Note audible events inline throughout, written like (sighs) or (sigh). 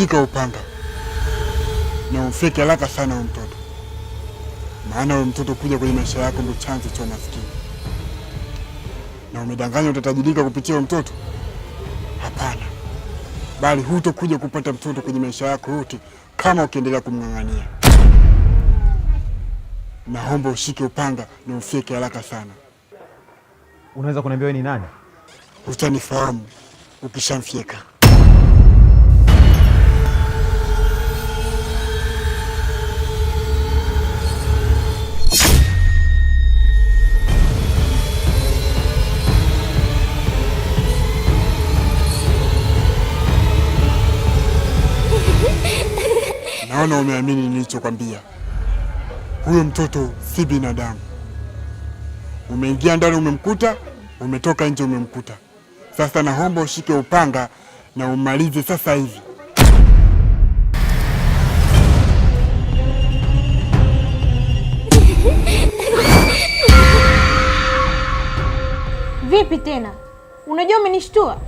shika upanga na ufyeke haraka sana huyo mtoto, maana huyo mtoto kuja kwenye maisha yako ndo chanzo cha umaskini. Na umedanganywa utatajirika kupitia huyo mtoto? Hapana, bali hutokuja kupata mtoto kwenye maisha yako yote kama ukiendelea kumng'ang'ania. Naomba ushike upanga na ufyeke haraka sana. Unaweza kuniambia wewe ni nani? Utanifahamu ukishamfyeka. Naona umeamini nilichokwambia. Huyo mtoto si binadamu. Umeingia ndani umemkuta, umetoka nje umemkuta. Sasa naomba ushike upanga na umalize sasa hivi. Vipi tena? Unajua umenishtua.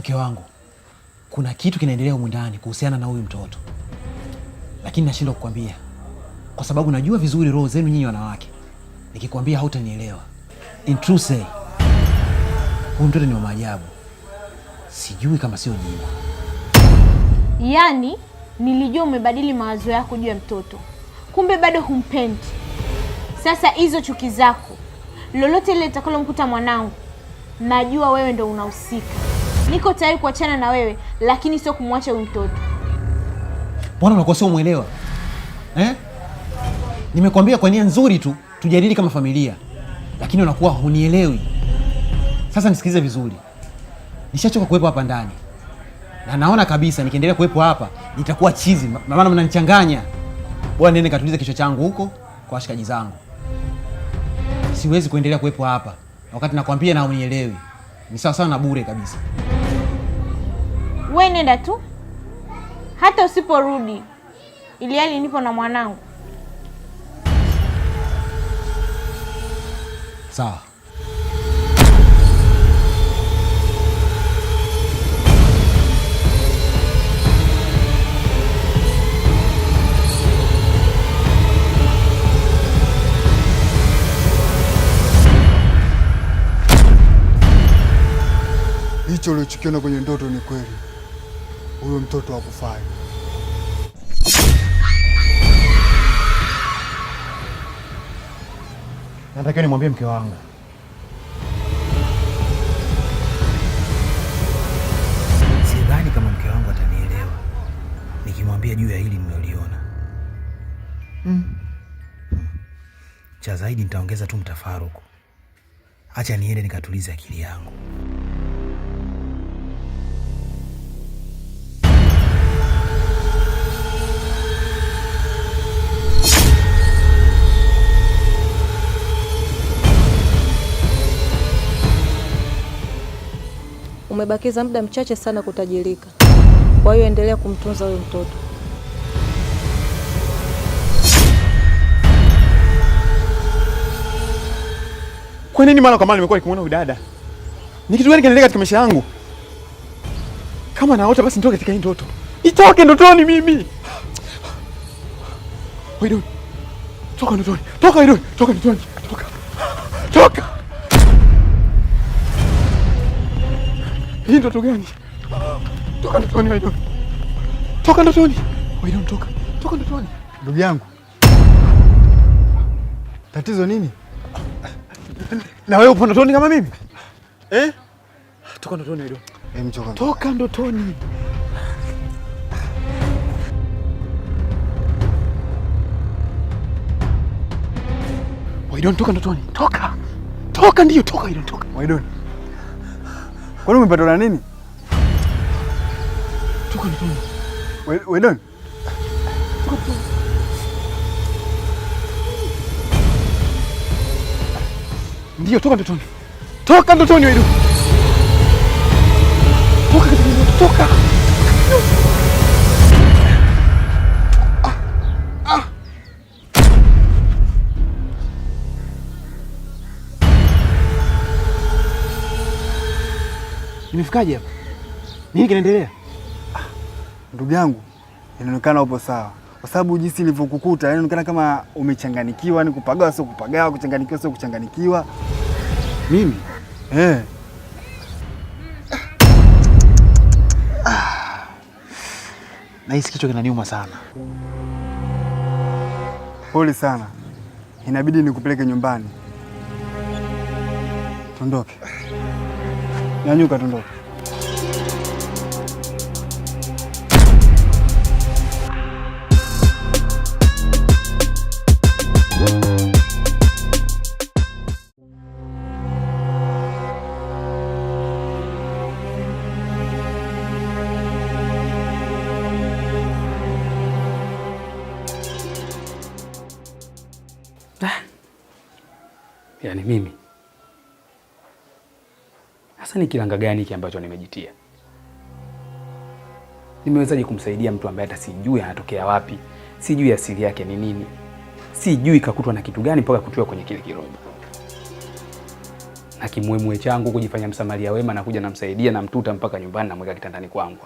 Mke wangu, kuna kitu kinaendelea humu ndani kuhusiana na huyu mtoto, lakini nashindwa kukwambia kwa sababu najua vizuri roho zenu nyinyi wanawake. Nikikwambia hautanielewa. In true eh, say, huyu mtoto ni wa maajabu, sijui kama sio jini. Yaani nilijua umebadili mawazo yako juu ya mtoto, kumbe bado humpendi. Sasa hizo chuki zako, lolote lile litakalomkuta mwanangu, najua wewe ndo unahusika. Niko tayari kuachana na wewe, lakini sio kumwacha huyu mtoto. Mbona unakuwa sio mwelewa eh? Nimekwambia kwa nia nzuri tu tujadili kama familia, lakini unakuwa hunielewi. Sasa nisikilize vizuri, nishachoka kuwepo hapa ndani na naona kabisa nikiendelea kuwepo hapa nitakuwa chizi, maana mnanichanganya. Bora niende katulize kichwa changu huko kwa washikaji zangu. Siwezi kuendelea kuwepo hapa wakati nakwambia na unielewi. Ni sawa sawa na bure kabisa. We nenda tu, hata usiporudi, ili hali nipo na mwanangu. Sawa. Hicho ulichokiona kwenye ndoto ni kweli huyo mtoto hakufai. Natakiwa nimwambie mke wangu. Sidhani kama mke wangu atanielewa nikimwambia juu ya hili nimeliona. Mm. Cha zaidi nitaongeza tu mtafaruku. Acha niende nikatulize akili yangu. umebakiza muda mchache sana kutajirika. Kwa hiyo endelea kumtunza huyo mtoto. Kwa nini mara kwa mara nimekuwa nikimwona huyu dada? Ni kitu gani kinaendelea katika maisha yangu? Kama naota basi nitoke katika hii ndoto. Nitoke ndotoni mimi. Wewe toka ndotoni. Toka ndotoni. Toka ndotoni. Hii ndoto gani? Toka ndotoni Waidoni, toka ndotoni Waidoni, toka toka ndotoni. Ndugu yangu, tatizo nini? Na wewe upo ndotoni kama mimi eh? Toka ndotoni Waidoni, eh, toka ndotoni. Waidoni, toka ndotoni, toka toka, ndiyo toka Waidoni, toka Kwani umepatwa na nini? Tuko ni pamoja. Wewe nani? Ndio, toka ndotoni. Toka ndotoni wewe. Toka toka. toka. toka. Nimefikaje hapa? Nini kinaendelea? Ah, ndugu yangu, inaonekana upo sawa, kwa sababu jinsi ilivyokukuta, inaonekana kama umechanganikiwa, ni kupagawa sio kupagawa, kuchanganikiwa sio kuchanganikiwa. Mimi eh. Ah. hisi kichwa kinaniuma sana. Pole sana, inabidi nikupeleke nyumbani. Tuondoke. Nyanyuka tundoka. Ah. Yaani mimi sasa ni kilanga gani hiki ambacho nimejitia? Nimewezaje kumsaidia mtu ambaye hata sijui anatokea wapi, sijui asili yake ni nini, sijui kakutwa na kitu gani mpaka kutiwa kwenye kile kiroba? Na kimwemwe changu kujifanya msamaria wema, nakuja namsaidia, namtuta mpaka nyumbani, namweka kitandani kwangu.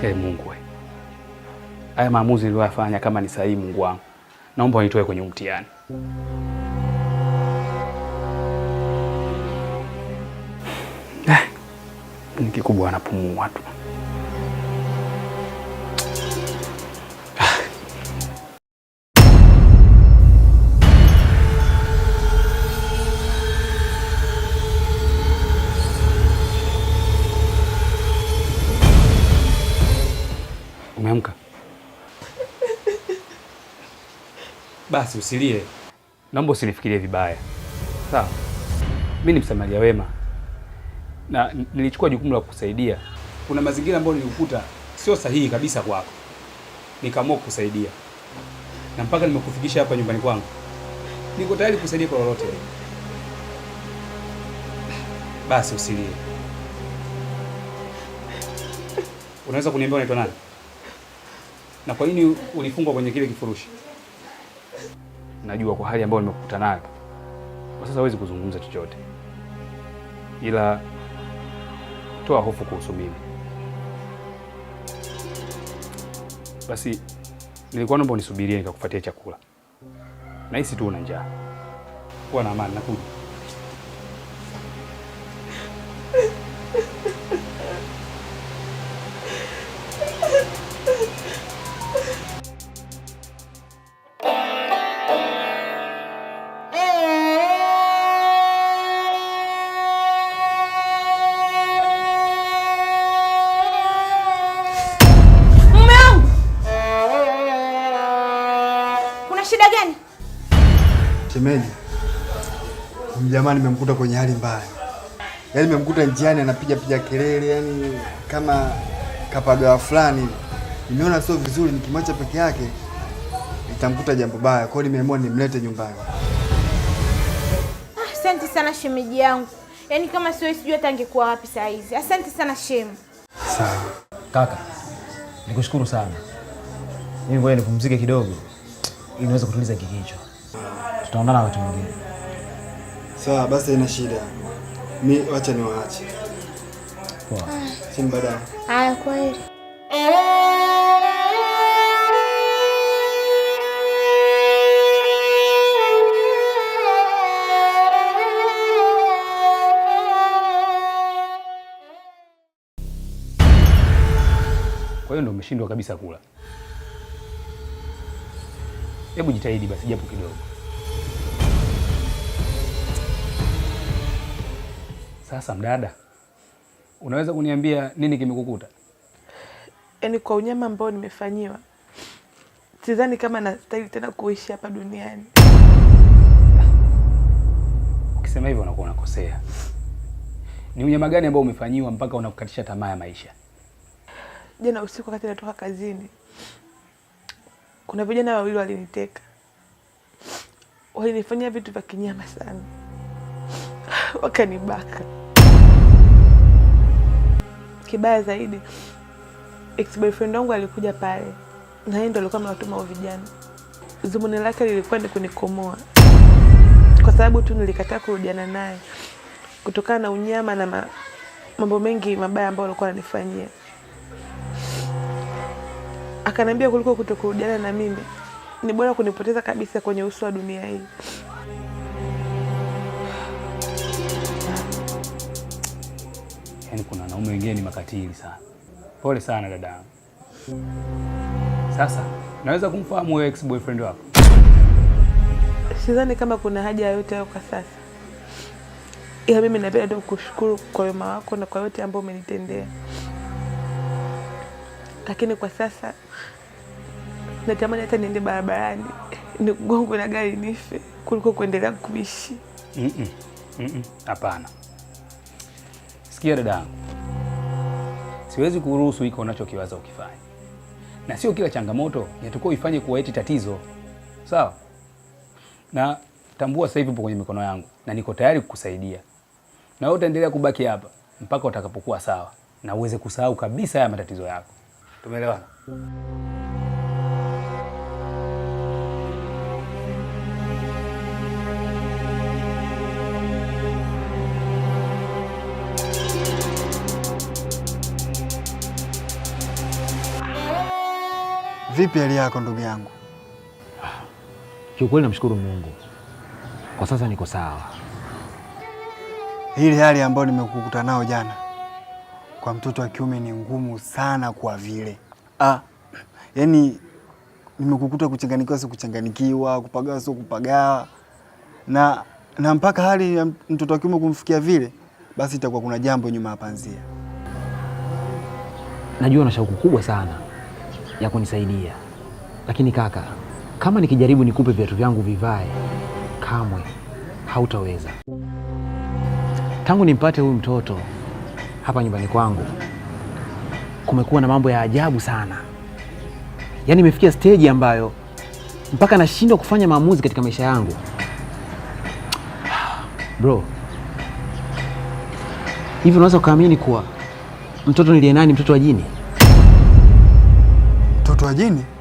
Hey, eh, Mungu, haya maamuzi niliyoyafanya kama ni sahihi, Mungu wangu naomba unitoe kwenye mtihani. Eh, ni kikubwa anapumua tu. Umeamka? Basi usilie, naomba usinifikirie vibaya, sawa? Mi ni msamaria wema na nilichukua jukumu la kukusaidia. Kuna mazingira ambayo nilikukuta sio sahihi kabisa kwako, nikaamua kukusaidia na mpaka nimekufikisha hapa nyumbani kwangu. Niko tayari kusaidia kwa lolote. Basi usilie. Unaweza kuniambia unaitwa nani na kwa nini ulifungwa kwenye kile kifurushi? najua kwa hali ambayo nimekuta nayo kwa sasa huwezi kuzungumza chochote, ila toa hofu kuhusu mimi. Basi nilikuwa naomba unisubirie nikakupatia chakula, nahisi tu una njaa. Kuwa na amani, nakuja. jamaa nimemkuta kwenye hali mbaya, yaani nimemkuta njiani anapiga piga kelele, yani kama kapagawa fulani. Nimeona sio vizuri, nikimwacha peke yake nitamkuta jambo baya, kwa hiyo nimeamua nimlete nyumbani. Ah, asante sana shemeji yangu, yaani kama sio sijui hata angekuwa wapi saa hizi. Asante sana shemu. Sawa kaka, nikushukuru sana. Mimi ngoja nipumzike kidogo, ili niweze kutuliza kikicho Tutaonana wakati mwingine. Sawa basi, haina shida. Mi wacha niwaache. Poa. Sina baada. Haya, kwaheri. Kwa hiyo ndo umeshindwa kabisa kula? Hebu jitahidi basi japo kidogo. Sasa mdada, unaweza kuniambia nini kimekukuta? Yaani kwa unyama ambao nimefanyiwa, sidhani kama nastahili tena kuishi hapa duniani. Ukisema hivyo unakuwa unakosea. Ni unyama gani ambao umefanyiwa mpaka unakukatisha tamaa ya maisha? Jana usiku wakati natoka kazini, kuna vijana wawili waliniteka, walinifanyia vitu vya kinyama sana wakanibaka. Kibaya zaidi, ex boyfriend wangu alikuja pale na yeye ndo alikuwa amewatuma vijana. Zumuni lake lilikuwa ni kunikomoa kwa sababu tu nilikataa kurudiana naye kutokana na unyama na ma, mambo mengi mabaya ambayo alikuwa ananifanyia. Akaniambia kuliko kutokurudiana na mimi ni bora kunipoteza kabisa kwenye uso wa dunia hii. Yaani kuna wanaume wengine ni makatili sana. Pole sana dada Sasa naweza kumfahamu wewe ex boyfriend wako? Sidhani kama kuna haja yoyote hayo kwa sasa, ila mimi napenda tu kushukuru kwa wema wako na kwa yote ambayo umenitendea, lakini kwa sasa natamani hata niende barabarani nigongwe na gari nife kuliko kuendelea kuishi. Hapana, mm -mm. mm -mm. Sikia dada yangu, siwezi kuruhusu iko unachokiwaza ukifanya, na sio kila changamoto yatakuwa ifanye kuwa eti tatizo. Sawa na tambua, sasa hivi upo kwenye mikono yangu na niko tayari kukusaidia, na wewe utaendelea kubaki hapa mpaka utakapokuwa sawa na uweze kusahau kabisa haya matatizo yako. Tumeelewana? Vipi hali yako ndugu yangu? Kiukweli namshukuru Mungu, kwa sasa niko sawa. Hili hali ambayo nimekukuta nao jana kwa mtoto wa kiume ni ngumu sana, kwa vile ah, yaani nimekukuta kuchanganikiwa sio kuchanganikiwa, kupagawa sio kupagawa, na na mpaka hali ya mtoto wa kiume kumfikia vile, basi itakuwa kuna jambo nyuma ya panzia. Najua na shauku kubwa sana ya kunisaidia, lakini kaka, kama nikijaribu nikupe viatu vyangu vivae, kamwe hautaweza. Tangu nimpate huyu mtoto hapa nyumbani kwangu, kumekuwa na mambo ya ajabu sana. Yaani imefikia steji ambayo mpaka nashindwa kufanya maamuzi katika maisha yangu. (sighs) Bro, hivi unaweza ukaamini kuwa mtoto niliye ni mtoto wa jini? watu wa jini